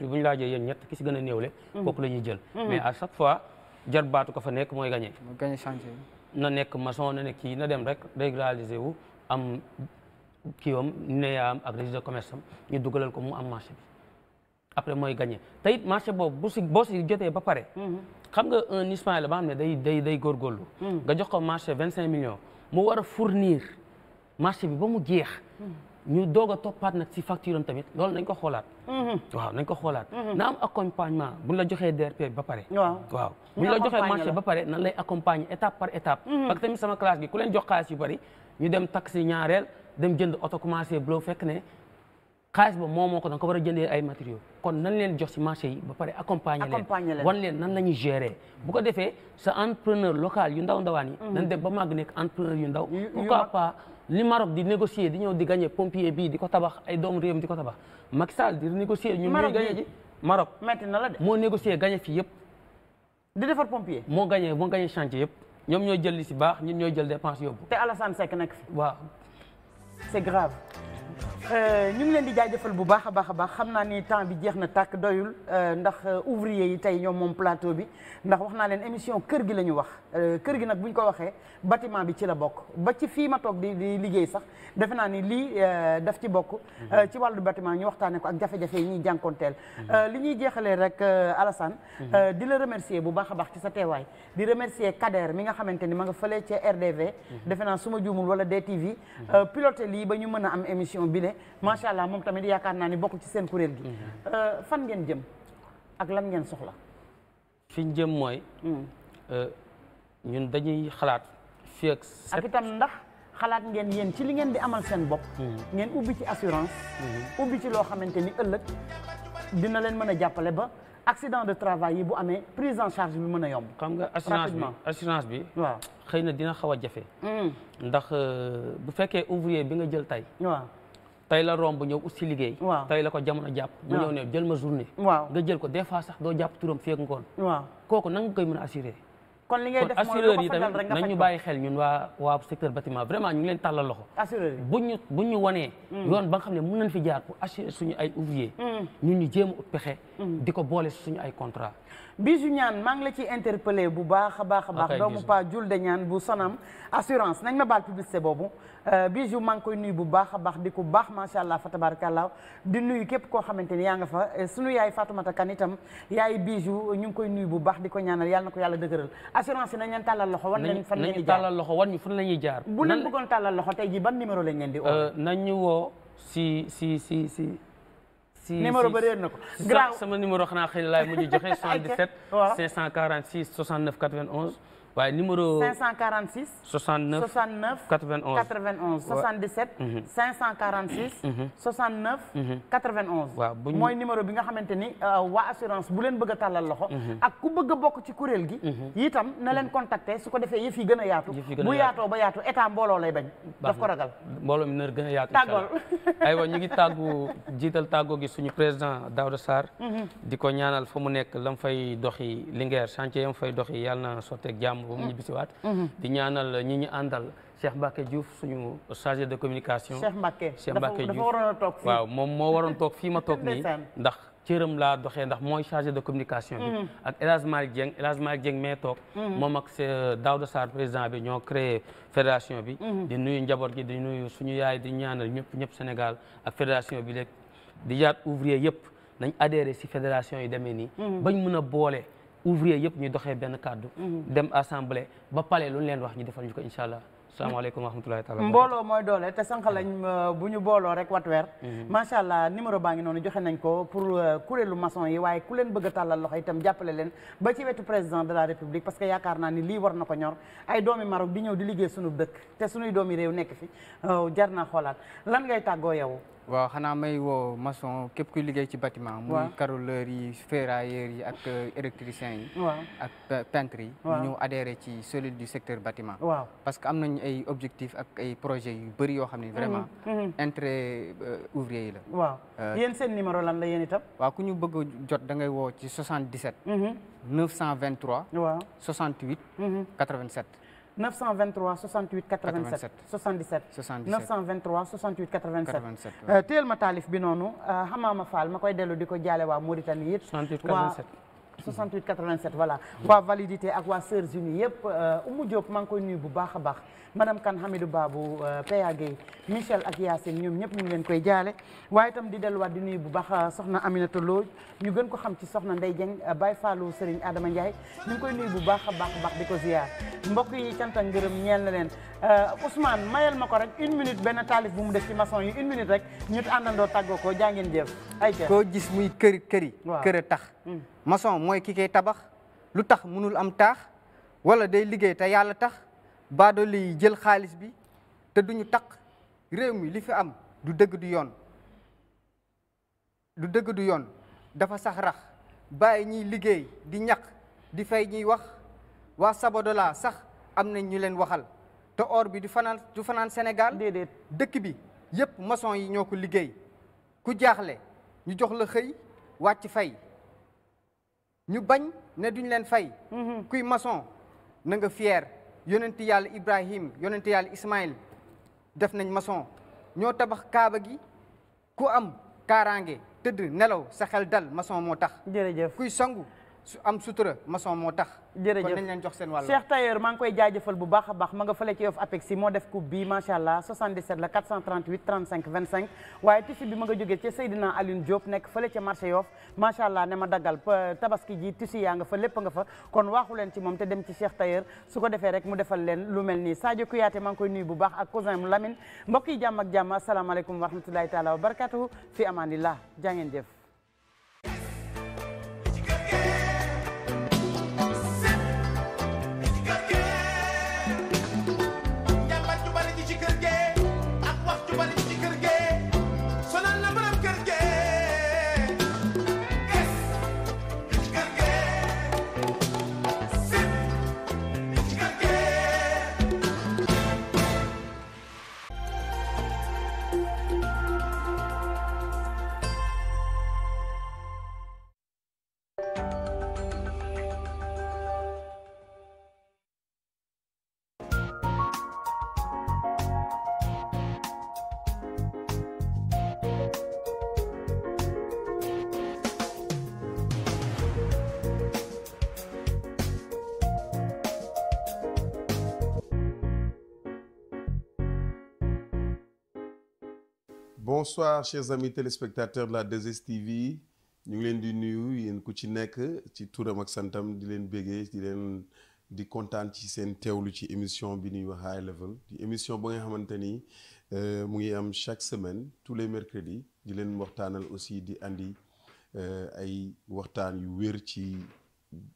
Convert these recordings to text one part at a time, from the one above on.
bu ñu laajee yéen ki si gën a néewle mhm. kooku la ñuy jël mhm. mais à chaque fois jar baatu ko fa nekk mooy gagné na nekk maçon na nekk kii na dem rek régulariser wu am kii am neyaam ak registre de commerce am ñu dugalal ko mu am marché bi après mooy gagné te it marché boobu bu si boo si jotee ba pare mhm. xam nga un Ismaël ba ne day day day góorgóorlu nga jox ko marché vingt cinq millions mu war a fournir marché bi ba mu jeex ñu doog a toppaat nag si facture am tamit loolu nañ ko xoolaat. Mhm. waaw nañ ko xoolaat. Mhm. na am accompagnement bu ñu la joxee DRP ba pare. waaw waaw bu la joxee marché ba pare nan lay accompagner étape par étape. Mhm. parce que tamit sama classe bi ku leen jox xaalis yu bari ñu dem taxi ñaareel dem jënd oto commencé bu fekk ne. xaalis ba moom moo ko danga ko war a jëndee ay matériaux kon nan leen jox ci marché yi ba pare accompagner leen wan leen nan la ñuy gérer bu ko defee sa entrepreneur local yu ndaw ndawaan yi nan dem ba màgg nekk entrepreneur yu ndaw pourquoi pas li Maroc di négocier di ñëw di gañee pompier bii di ko tabax ay doom réew mi di ko tabax Macky Sall di négocier ñun ñuy gagné ji Maroc metti na la de moo négocier gagné fii yëpp di defar pompier moo gagné moo gagné chantier yëpp ñoom ñooy jël li si baax ñun ñooy jël dépense yóbbu te Alassane Seck nekk fi waaw c'est grave Euh, ñu ngi leen di jaajëfal bu baax a baax a baax xam naa ni temps bi jeex na tàkk doyul euh, ndax euh, ouvrier yi tey ñoom moom plateau bi ndax wax naa leen émission kër gi la ñu wax kër gi nag bu ñu ko waxee batiment bi ci la bokk ba ci fii ma toog di di liggéey sax defe naa ni lii daf ci bokk. Mhm. ci wàllu batiment ñu waxtaanee ko ak jafe-jafe yi ñuy jànkoonteel. Mhm. li ñuy jeexalee rek Alassane. Mhm. di la remercier bu baax a baax ci sa teewaay di remercier Kader mi nga xamante ni ma nga fële ca RDV. defe naa su ma juumul wala DTV. piloté lii ba ñu mën a am émission bi ne macha allah moom tamit yaakaar naa ni bokk ci seen kuréel gi. Mhm. Euh, fan ngeen jëm ak lan ngeen soxla. fi ñu jëm mooy. Hmm. Euh, ñun dañuy xalaat fii ak. ak itam ndax xalaat ngeen yéen ci li ngeen di amal seen bopp. Hmm. ngeen ubbi ci assurance. Hmm. ubbi ci loo xamante ni ëllëg dina leen mën a jàppale ba. accident de travail yi bu amee prise en charge bi mën a yomb. xam nga assurance bi assurance bi. waaw xëy na dina xaw a jafe. ndax euh, bu fekkee ouvrier bi nga jël tey. tey la romb ñëw ut si liggéey waaw tey la ko jamono jàpp mu ñëw ne jël ma journée waaw nga jël ko des fois sax doo jàpp turam feek ngoon waaw kooku nan nga koy kon li ngay def mooy yi tamit nañ ñu bàyyi xel ñun waa waa secteur bâtiment vraiment ñu ngi leen tàllal loxo assureur yi buñ ñu buñ ñu wanee mm. yoon ba xam ne mën nañ fi jaar pour assurer suñu ay ouvrier mm. ñun ñu jéem a ut pexe mm. di ko boole suñu ay contrat Bijou Ñaan maa ngi la ciy interpellé bu baax a baax a baax doomu pa jul de ñaan bu sonam assurance nañ ma baal publicité boobu euh, Bijou maa koy nuyu bu baax a baax di ko baax macha allah fa tabarakallah di nuyu képp koo xamante ni yaa nga fa euh, sunu yaay Fatoumata Kan itam yaay Bijou ñu ngi koy nuyu bu baax di ko ñaanal yàlla na ko yàlla dëgëral assurance yi nañ leen tàllal loxo wan leen fan leen tàllal loxo wan ñu fan la jaar bu leen bëggoon tàllal loxo tey ji ban numéro lañ leen di euh, nañ ñu woo si si si si si numéro ba réer na ko. graaw sama numéro xanaa xëy na laay mujj joxe 77. waaw 546 69 91. waaye numéro. 546. 69 69. 91 91 77. 546. 69. 91. waaw bu ñu mooy numéro bi nga xamante ni euh, waa assurance bu leen bëgg a loxo. Mhm. ak ku bëgg a bokk ci kuréel gi. Mhm. itam na leen mhm. su ko defee yëf gën a yaatu. bu yaatoo ba yaatu état mbooloo bañ. daf ko ragal mbooloo mi nar gën a yaatu. tàggool aywa ñu ngi tàggu jiital tàggoo gi suñu président Daouda Sarr. di ko ñaanal fa mu nekk lam fay doxi Linguère chantier yam fay doxi yàlla na sotteeg jàmm. ba mu mm. ñibbisiwaat mm-hmm. di ñaanal ñi ñu àndal Cheikh Mbacke Diouf suñu chargé de communication Cheikh Mbacke Cheikh Mbacke Diouf dafa waroon a toog fii waaw moom moo waroon toog fii ma toog nii ndax cëram laa doxee ndax mooy chargé de communication bi mm-hmm. ak El Hadj Malick Dieng El Hadj Malick Dieng mee toog mm-hmm. moom ak euh, Daouda Sarr président bi ñoo créé fédération bi di nuyu njaboot gi di nuyu suñu yaay di ñaanal ñëpp ñëpp Sénégal ak fédération bi léegi di yaat ouvrier yëpp nañ adhéré si fédération yi demee nii bañ mën a boole ouvrier yëpp ñu doxee benn kàddu mhm. dem assemblée ba palais lu ñu leen wax ñu defal ñu ko incha allah mm. salaamaaleykum wa rahmatulahi taala mbooloo mooy doole te sànq lañ mm. euh, bu ñu booloo rek wat weer mhm. macha allah numéro baa ngi noonu joxe nañ ko pour euh, kuréelu maçon yi waaye ku leen bëgg a tàllal loxo itam jàppale leen ba ci wetu président de la république parce que yaakaar naa ni lii war na ko ñor ay doomi Maroc di ñëw di liggéey sunu dëkk te sunuy doomi réew nekk fi oh, jar naa xoolaat lan ngay tàggoo yow waaw xanaa may woo maçon képp ku liggéey ci bâtiment muy carreleur yi ferrailleur yi ak euh, électricien yi a peintre yi ñu adhéré ci cellule du secteur bâtiment parce que am nañ ay objectifs ak ay yu bëri yoo xam ne vraiment mm-hmm. Mm-hmm. intérêt euh, ouvrier yi la waaw euh, yéen seen numéro lan la yéen itam waaw ku ñu bëgg a jot da ngay woo ci 77 923 mm-hmm. waaw 68 87 923 68 87 77 923 68 87 teel ma taalif bi noonu euh, Hamama Fall ma koy dellu di ko jaale waa Mauritanie it waa 68 87 voilà waa validité ak waa Sœurs Unies yëpp euh, Oumou Diop maa koy nuyu bu baax a baax madame Kane Hamidou Babou euh, PA Gueye Michel ak Yacine ñoom ñëpp ñu ngi leen koy jaale waaye itam di delluwaat di nuyu bu baax euh, soxna Aminata Lo ñu gën ko xam ci soxna Ndeye Dieng Baye Fallou Serigne Adama Ndiaye ñu ngi koy nuyu bu baax a baax a baax di ko ziar mbokk yi cant ak ngërëm ñeel na leen Ousmane mayal ma ko rek une minute benn taalif bu mu def ci maçon yi une minute rek ñu àndandoo tàggoo ko jaa ngeen jëf ay koo gis muy kër këri a mason mooy ki koy tabax lu tax mënul am taax wala day liggéey te yàlla tax baadoole yi jël xaalis bi te duñu taq réew mi li fi am du dëgg du yoon du dëgg du yoon dafa sax rax bàyyi ñiy liggéey di ñaq di fay ñuy wax waa Sabodola sax am na ñu leen waxal te or bi du fanaan du fanaan Sénégal déedéet dëkk bi yépp mason yi ñoo ko liggéey ku jaaxle ñu jox la xëy wàcc fay ñu bañ ne duñ leen fay mhm. kuy mason na nga fier yonent yàlla ibrahim yonent yàlla ismaïl def nañ mason ñoo tabax kaaba gi ku am kaaraange tëdd nelaw sa xel dal mason moo tax jërëjëf kuy sangu su am sutura maçon moo tax. jërëjëf kon leen jox seen wàll. Cheikh Tailleur maa ngi koy jaajëfal bu baax a baax ma nga fële ci Yoff Apecsy moo def coupe bi macha allah 77 la 438 35 25 waaye tissu bi ma nga jógee ca Seydina Alioune Diop nekk fële ca marché Yoff macha allah ne ma daggal tabaski ji tissu yaa nga fa lépp nga fa kon waaxu leen ci moom te dem ci Cheikh Tailleur su ko defee rek mu defal leen lu mel nii Sadio Kouyaté maa ngi koy nuyu bu baax ak cousin mu Lamine mbokk yi jàmm ak jàmm asalaamaaleykum wa rahmatulahi taala wa barakatuhu fi amaanillah jaa ngeen bonsoir chers amis téléspectateurs de la 2STV ñu ngi leen di nuyu yéen ko ci nekk ci touram ak santam di leen bégee di leen di kontaan ci seen teewlu ci émission bi ñuy wax high level di émission ba nga xamante ni euh, mu ngi am chaque semaine tous les mercredis di leen waxtaanal aussi di andi euh, ay waxtaan yu wér ci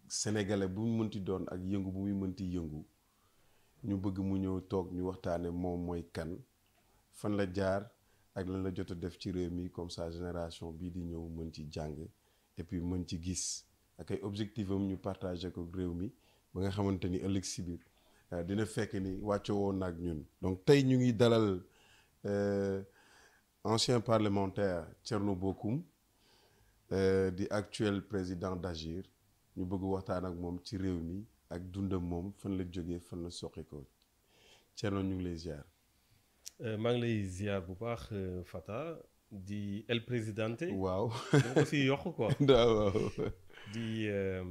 sénégalais bu mu mënti doon ak yëngu bu muy mënti yëngu ñu bëgg mu ñëw toog ñu waxtaane moom mooy kan fan la jaar ak lan la jot def ci réew mi comme ça génération bii di ñëw mën ci jàng et puis mën ci gis ak ay objectif am ñu partagé ko réew mi ba nga xamante ni ëllëg si biir euh, dina fekk ni wàcce woon nag ñun. donc tey ñu ngi dalal euh, ancien parlementaire Thierno Bocoum euh, di actuel président d'Agir ñu bëgg waxtaan ak moom ci réew mi ak dundam moom fan la jógee fan la soqi ko Thierno ñu ngi lay Euh, maa lay ziar bu baax euh, Fata di El Presidente. waaw dama ko si yokk quoi. di euh,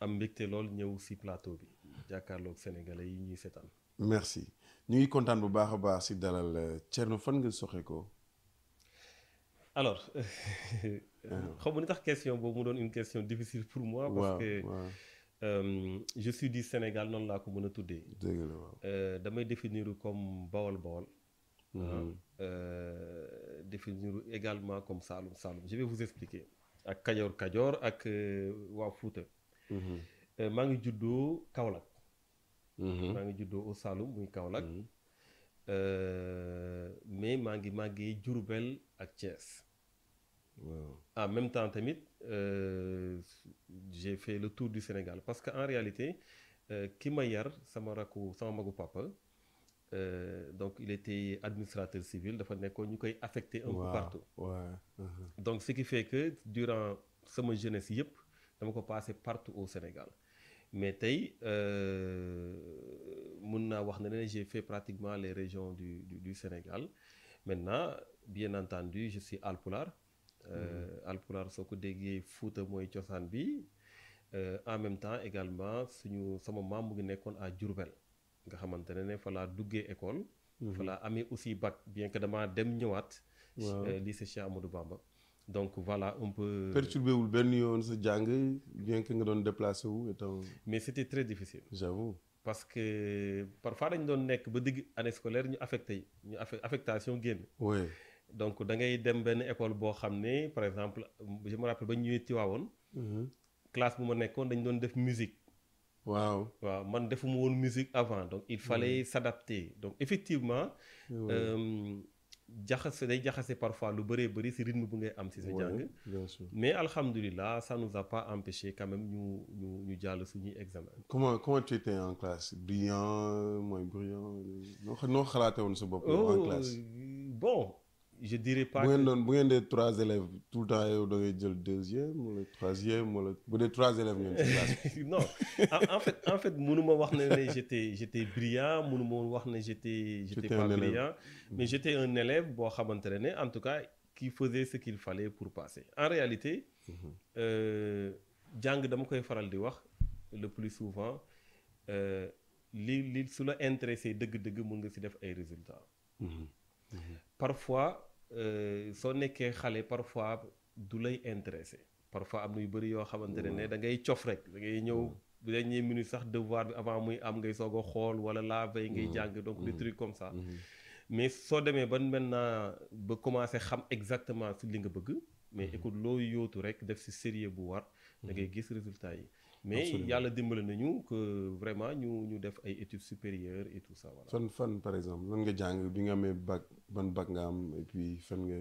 am mbégte lool ñëw si plateau bi jàkkaarlook sénégalais yi ñuy seetaan. merci ñu kontaan bu baax a baax si dalal Thierno fan nga soxe ko alors ah. xaw ni tax question boobu mu doon une question difficile pour moi. parce que je suis du Sénégal noonu laa ko mën a tuddee. dëgg la waaw damay définir comme bawol bawol. Mhm. Euh, définir également comme Saalum Saalum je vais vous expliquer ak Kajoor Kajoor ak euh, waa Fuuta mhm. euh, maa ngi juddoo Kaolack mhm. maa ngi juddoo au Saalum muy Kaolack mais maa ngi màggee Diourbel ak Thiès en même temps tamit j'ai fait le tour du Sénégal parce que en réalité ki ma yar sama rakku sama magu papa Euh, donc il était administrateur civil dafa nekkoon ñu koy affecté un wow. partout uh-huh. donc ce qui fait que durant sama jeunesse yëpp dama ko passé partout au Sénégal mais tey euh, mun naa wax ne ne j'ai pratiquement les régions du, du, Sénégal maintenant bien entendu je suis alpulaar euh, soo ko déggee Fuuta mooy cosaan bi euh, en même temps également suñu sama maam mu ngi nekkoon à Diourbel nga xamante ne fa laa duggee école. Mhm. fa amee aussi bac bien que damaa dem ñëwaat. Euh, lycée Cheikh Amadou Bamba. donc voilà un peu. Euh, perturbé wul benn yoon sa jàng bien que nga doon déplacé wu itam. mais c' était très difficile. parce que parfois dañ doon nekk ba digg année scolaire ñu affecté ñu affectation génn. oui donc da ngay dem benn école boo xam ne par exemple je me rappelle ba ñu ñëwee Tiwaawoon. Mhm. bu ma nekkoon dañu doon def musique. waaw waaw man defuma woon musique avant donc il fallait mmh. s'adapter donc effectivement euh, jaxase day jaxase parfois lu bëree bëri si rythme bu ngay am si sa jàng mais alhamdulilah ça nous a pas empêché quand même ñu ñu ñu jàll suñuy examen comment comment tu en classe brillant mooy brillant euh, noo xalaate woon su bopp en oh, classe bon je dirais pas. bu ngeen doon bu ngeen dee trois élèves tout le temps yow da ngay jël deuxième wala troisième wala bu trois élèves non en fait en fait mënuma wax ne ne j' étais j' étais brillant wax ne j' j' étais pas brillant mais mm-hmm. j' étais un élève boo xamante ne en tout cas qui faisait ce qu'il fallait pour passer en réalité. Mm-hmm. Euh, jàng dama koy faral di wax le plus souvent euh, li li su la intéressé dëgg-dëgg mun nga si def ay résultat mm-hmm. Parfois Euh, soo nekkee xale parfois du lay intéressé parfois am na yu bëri yoo xamante ne ne mm. da ngay cof rek da ngay ñëw mm. bu dernier minute sax devoir bi avant muy am ngay soog a xool wala laa veille ngay mm. jàng donc des trucs comme ça mm-hmm. mais soo demee ba maintenant ba commencé xam exactement si li nga bëgg mais mm-hmm. écoute loo yootu rek def si sérieux bu war da mm-hmm. ngay gis résultat yi mais yàlla dimbali nañu que vraiment ñu ñu def ay études supérieures et tout ça voilà. fan fan par exemple lan nga jàng bi nga amee bac ban bac nga am et puis fan nga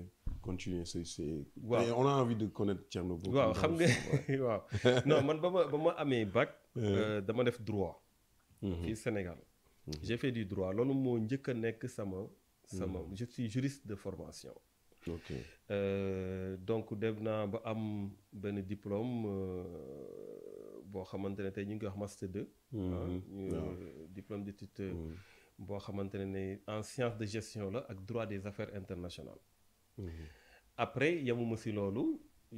continuer say say. waaw on a envie de connaître Thierno boobu. xam nga waaw man ba ma ba amee bac. Euh. Euh, dama def droit. Mhm. fii Sénégal. Mhm. j'ai fait loolu moo njëkk a nekk sama. sama mhm. je suis juriste de formation. Euh, donc dem naa ba am benn diplôme. boo xamante ne tey ñu ngi wax master 2. Mm-hmm. Ah, mm-hmm. euh, diplôme d'étude euh, mm-hmm. boo xamante ne en science de gestion la ak droit des affaires internationales. après yamuma si loolu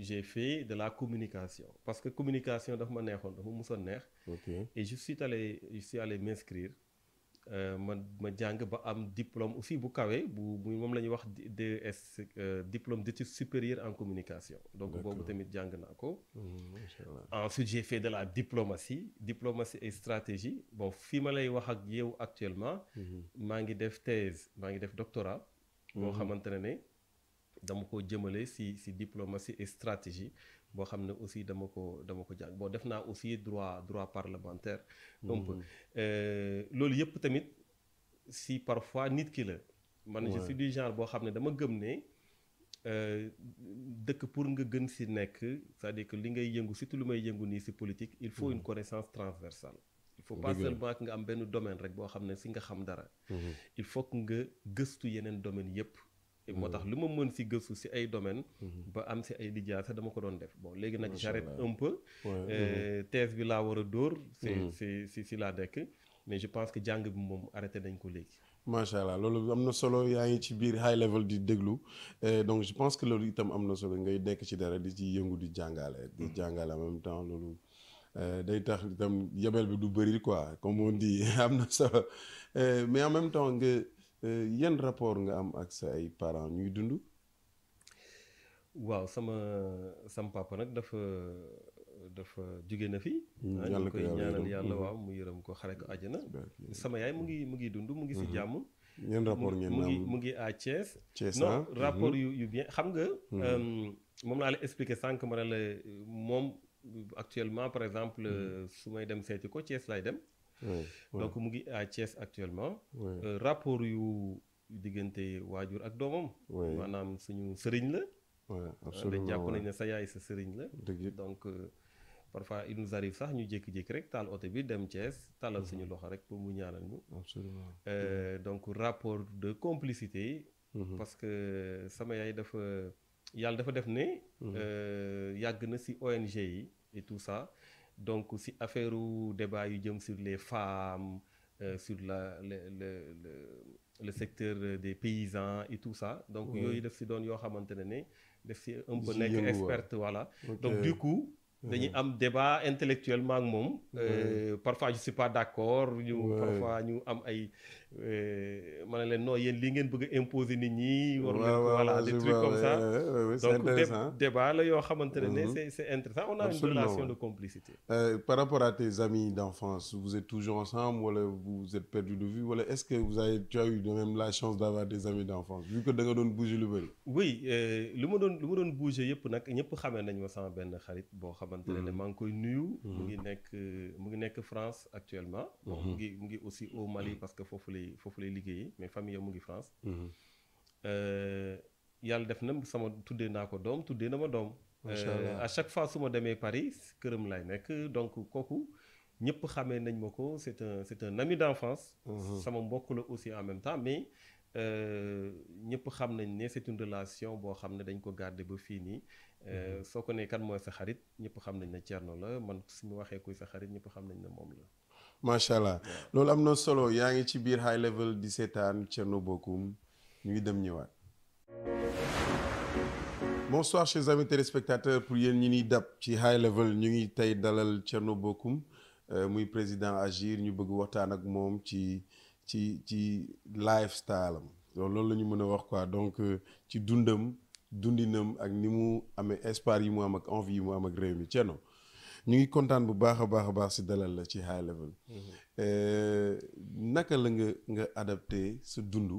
j'ai fait de la communication parce que communication dafa ma neexoon dafa musoon neex. et je suis allé je suis allé m'inscrire Euh, man ma jàng ba am diplôme aussi bu kawee bu moom la ñuy wax DES euh, diplôme d'études supérieures en communication. donc boobu tamit jàng naa ko. Mmh, en j'ai fait de la diplomatie diplomatie et stratégie bon fii ma lay wax ak yow actuellement. Mmh. maa ngi def thèse maa ngi def doctorat. moo mmh. xamante ne ne dama ko jëmale si si diplomatie et stratégie. boo xam ne aussi dama ko dama ko jàng boo def naa aussi droit droit parlementaire. donc hmm. euh, loolu yëpp tamit si parfois nit ki la. man je si du genre boo xam ne dama gëm ne. Euh, dëkk pour nga gën si nekk c'est-à-dire que li ngay yëngu surtout lu may yëngu nii si politique il faut hmm. une connaissance transversale il faut pas seulement que nga am benn domaine rek boo xam ne si nga xam dara hmm. il faut nga gëstu yeneen domaine yépp moo tax lu ma mën si gëstu si ay domaine mhm. ba am si ay lijaasa dama ko doon def boo léegi nag j'arrête un peu euh, mhm. thèse bi laa war a dóor si si si laa nekk mais je pense que jàng bi moom arrêté nañ ko léegi macha allah loolu am na solo yaa ngi ci biir high level di déglu euh, donc je pense que loolu itam am na solo ngay nekk ci dara di ci yëngu di jàngaale di mhm. jàngale en même temps loolu euh, day tax itam yebel bi du bëri quoi comme on dit am na solo mais en même temps Euh, yan rapport nga am ak sa ay parent ñuy dund waaw sama sama papa nag dafa dafa jóge na fi hmm, ah, ñu koy ñaanal yàlla hmm. waaw mu yërëm ko xare ko àjjana hmm. sama yaay mu ngi mu ngi dund mu ngi si jàmm ñeen rapport ngeen mu ngi mu ngi à Thiès non ah. rapport yu yu bien xam nga euh, moom laa la expliqué sànq ma ne la euh, moom actuellement par exemple su may dem seeti ko Thiès laay dem donc mu ngi à Thiès actuellement. Euh, rapport yu diggante waajur ak doomam. maanaam suñu sëriñ la. dañ ah, jàpp nañ ne sa yaay sa sëriñ la. donc euh, parfois il nous sax ñu jékki-jékki rek taal oto bi dem Thiès taalal mhm. suñu loxo rek pour mu ñaanal ñu. Euh, donc rapport de complicité. Mhm. parce que sama yaay dafa yàlla dafa def ne. Mhm. yàgg na si ONG yi et tout ça. donc si affaire débat yu jëm sur les femmes euh, sur la le le le le secteur des paysans et tout ça. donc yooyu def si doon yoo xamante ne ne daf si un peu nekk voilà. Okay. donc du coup. dañuy am débat intellectuellement ak moom. Euh, parfois je suis pas d'accord ñu parfois ñu am ay. Euh, ma leen non ngeen bëgg a imposer nit ñi. war nañ ko voilà comme ça donc débat la yoo xamante ne ne mhm. c'est c'est intéressant on a une relation de complicité. Euh, par rapport à tes amis d'enfance vous êtes toujours ensemble wala vous êtes perdu de vue wala est-ce que tu as eu de même la chance d'avoir des amis d'enfance vu que da doon bouger lu bëri. oui euh, lu ma doon lu ma doon bouger yëpp nag ñëpp xamee nañ sama benn xarit boo xamante mhm. maa ngi koy nuyu. mu mhm. ngi n mu ngi nekk France actuellement. bon mu mu ngi aussi au Mali parce foofu lay liggéeyee mais famille mu ngi France. Mhm. Euh, yàlla def na sama tuddee naa ko doom tuddee na ma doom. Euh, à chaque fois su ma demee Paris këram laay nekk donc kooku ñëpp xamee nañ ma ko c'est un c'est un ami d'enfance. Mhm. sama mbokk la aussi en même temps mais. Euh, ñëpp xam nañ ne c'est une relation boo xam ne dañ ko garder ba fii nii mhm. soo ko nekkat mooy sa xarit ñëpp xam nañ ne Thierno la man mu waxee koy sa xarit ñëpp xam nañ ne moom la. macha allah loolu am na solo yaa ngi ci biir high level di seetaan Thierno Bocoum ñu ngi dem ñëwaat. bonsoir chers amis téléspectateurs pour yéen ñi ñuy dab ci high level ñu ngi tey dalal Thierno bokkum euh, muy président Agir ñu bëgg waxtaan ak moom ci ci ci lifestyle am loolu la ñu mën a wax quoi donc euh, ci dundam dundinam ak ni mu amee espoir yi mu am ak envie yi mu am ak réew mi Thierno. ñu ngi kontaan bu baax a baax a baax si dalal la ci high level. Mm-hmm. Eh, naka la nga nga adapté sa dund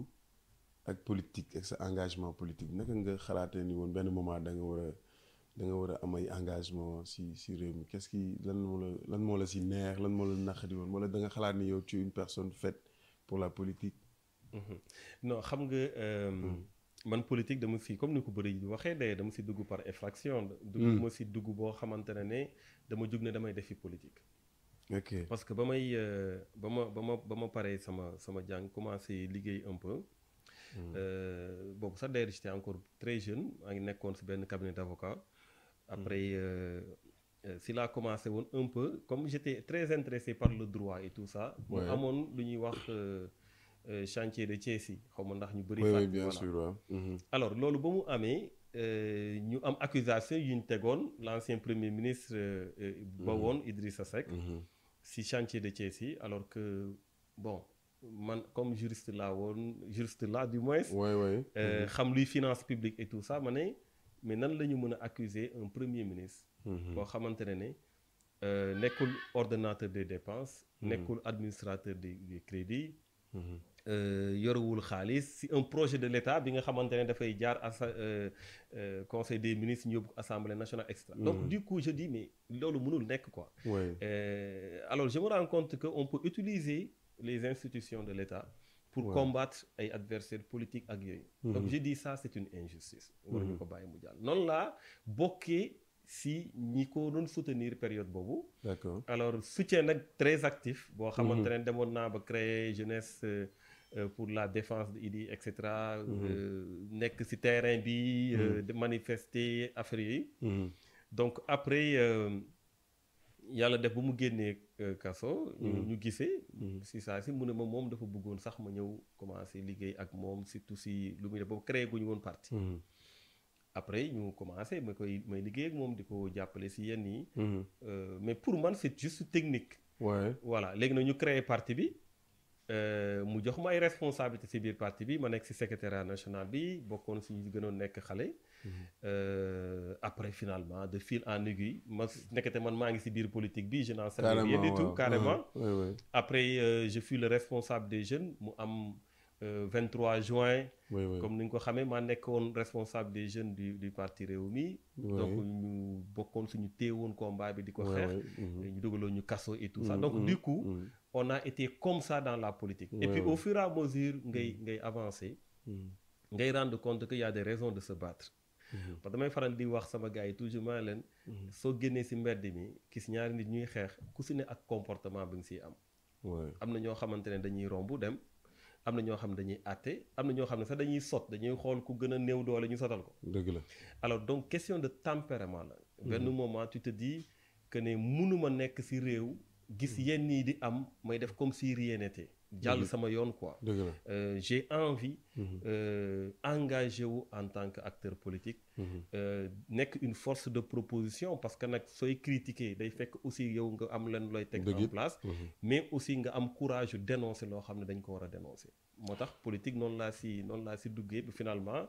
ak politique ak sa engagement politique naka nga xalaatee ni woon benn moment da nga war a da war am ay engagement si si réew mi qu'est-ce lan moo la lan moo la si neex lan moo la naqari woon wala da nga xalaat ni yow ci une personne faite pour la politique. Mm-hmm. non xam nga. Euh, mm-hmm. man politique dama si comme ni ko bëri di waxee de dama si dugg par effraction. Hmm. du ma si dugg boo xamante ne ne dama jug ne damay defi politique. ok parce que ba may euh, ba ma ba ma ba ma paree sama sama jàng commencé liggéey un peu. Hmm. Euh, boobu sax d'ailleurs j'étais encore très jeune maa ngi nekkoon si benn cabinet d'avocat. Hmm. après euh, si laa commencé woon un peu comme j'étais très intéressé par le droit et tout ça. mu amoon lu ñuy wax. Euh, chantier de Thiès yi xaw ndax ñu bëri. oui bien mm-hmm. alors loolu ba mu amee euh, ñu am accusation yu ñu tegoon l' ancien premier ministre. Euh, mm-hmm. ba woon Idrissa Seck. Mm-hmm. si chantier de Thiès yi alors que bon man comme juriste laa woon juriste laa du moins. oui xam luy finance publique et tout ça ma ne mais nan la ñu mën a accuser un premier ministre. boo xamante ne ne. nekkul ordinateur des dépenses. nekkul administrateur de crédit crédits. Euh, yorewul xaalis si un projet de l'État bi nga xamante ne dafay jaar asa euh, euh, conseil des ministre ñu yóbbu assemblée nationale extra mm-hmm. donc du coup je mais loolu mënul nekk quoi alors je me rends compte que on peut utiliser les institutions de l'État pour combattre ay adversaires politiques ak yooyu mm-hmm. donc je dis ça c'est une injustice mm-hmm. waruñu ko bàyyi mu jàll noonu laa bokkee si ñi ko doon soutenir période boobu. d'accord soutien nag très actif. boo xamante ne demoon naa ba créer jeunesse. Euh, pour la défence de Idi et cetera. Euh, mhm. nekk ci terrain bi. Euh, mhm. de manifeste affaire yi. Mhm. donc après yàlla def ba mu génnee kaso. ñu gisee. ci saa si mu ne ma moom dafa bëggoon sax ma ñëw commencer liggéey ak moom surtout si lu muy def boobu créé gu ñu woon parti. après ñu commencé ma koy may liggéey ak moom di ko jàppale si yenn yi. mais pour man c'est juste technique. voilà léegi nag ñu créé parti bi. Euh, mu jox ma ay responsabilité si biir parti bi ma nekk si secrétariat national bi bokkoon si ñu gënoon nekk xale. Mhm. Euh, après finalement de fil en aiguille ma nekkate man maa ngi si biir politique bi je n'en sais rien du tout carrément. après euh, je fus le responsable des jeunes mu am. 23 euh, juin. Oui, oui. comme ni nga ko xamee maa nekkoon responsable des jeunes du du parti réew Oui. donc ñu bokkoon suñu téewoon combat bi di ko xeex. Mhm. ñu dugaloon ñu kaso et tout ça. Mhm, donc mhm, du coup on a été comme ça dans la politique. et puis au fur et à ngay ngay avancé ngay rendre compte que y a des de sa battre. parce damay faral di wax sama gars yi toujours maa leen. soo génnee si mbedd mi gis ñaari nit ñuy xeex ku si ne ak comportement bi nga siy am. am na ñoo xamante ne dañuy romb dem. am na ñoo xam ne dañuy àtte am na ñoo xam ne sax dañuy sot dañuy xool ku gën a néew doole ñu sotal ko. dëgg la alors donc question de tempérament la. Mm-hmm. benn moment tu te dis que ne mënuma nekk si réew. gis mm-hmm. yenn yi di am may def comme si rien jàll sama yoon quoi. Euh, j'ai envie. Mhm. Euh, engagé wu en tant que acteur politique. Mhm. Euh, nekk une force de proposition parce que nag sooy critiquer day fekk aussi yow nga am lan looy teg en place. Mhm. mais aussi nga am courage dénoncer loo xam ne dañ ko war a dénoncer. moo tax politique noonu laa si noonu laa si duggee bi finalement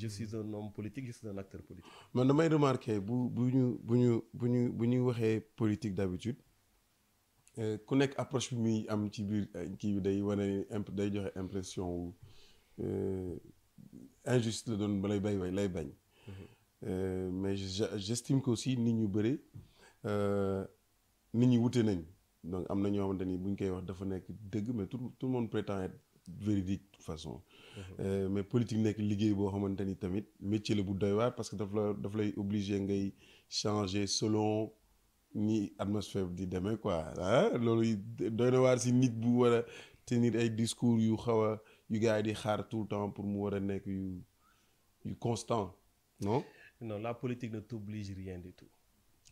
je suis un homme politique je suis un acteur politique. man damay remarqué bu bu ñu bu ñu bu ñu bu ñuy waxee politique d'habitude Euh, ku nekk approche bi muy am ci biir euh, kii bi day wane imp day joxe impression wu euh, injuste la doon lay bay lay bañ mm-hmm. mais j'estime que aussi nit ñu bëri nit ñi wute nañ donc am na ñoo xamante ni bu ñu koy wax dafa nekk dëgg mais tout tout le monde prétend être véridique de façon mm-hmm. euh, mais politique nekk liggéey boo xamante ni tamit métier la bu doy waar parce que daf la daf lay obligé ngay changer selon ni atmosphère di demee quoi ah loolu doy waar si nit bu war a tenir ay discours yu xaw a yu gars yi di xaar tout le temps pour mu war a nekk yu yu constant non. non la politique ne t'oblige rien du tout.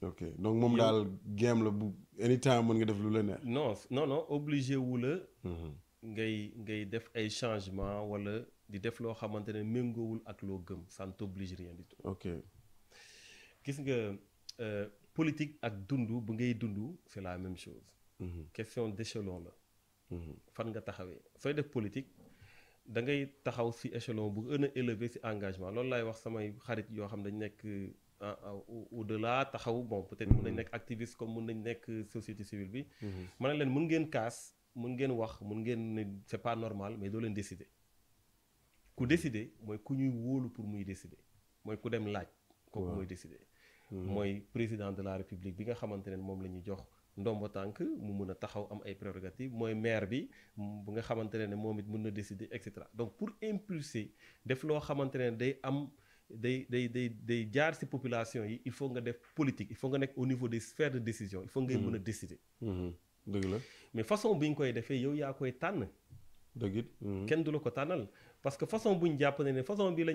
ok donc moom daal game la bu anytime mën nga def lu la neex. non non non obligé wu la. Mhm. ngay ngay def ay changement wala di def loo xamante ne méngoowul ak loo gëm ça ne t'oblige rien du tout. ok gis nga. Euh, politique ak dund bu ngay dund c'est la même chose. Mhm. question d'échelon la. Mhm. fan nga taxawee sooy def politique da ngay taxaw ci échelon bu gën a élevé ci engagement loolu laay wax samay xarit yoo xam dañ nekk ah, ah, au delà taxaw bon peut-être mun nañ mhm. nekk activiste comme mun nañ nekk société civile bi. ma ne leen mun ngeen kaas mun ngeen wax mun ngeen ne c'est pas normal mais doo leen décider ku décider mooy ku ñuy wóolu pour muy décider mooy ku dem laaj. kooku mooy décider. Mm-hmm. mooy président de la république bi nga xamante ne moom la jox ndombo tànk mu mun a taxaw am ay prérogatives mooy maire bi bu nga xamante ne moom it mun na décider et cetera donc pour impulser def loo xamante ne day am day day day day jaar ci population yi il faut nga def politique il faut nga nekk au niveau des sphères de décision il faut ngay mën a mm-hmm. décider. Mm-hmm. dëgg la mais façon bi ñu koy defee yow yaa koy tànn. dëgg kenn du la ko tànnal parce façon bu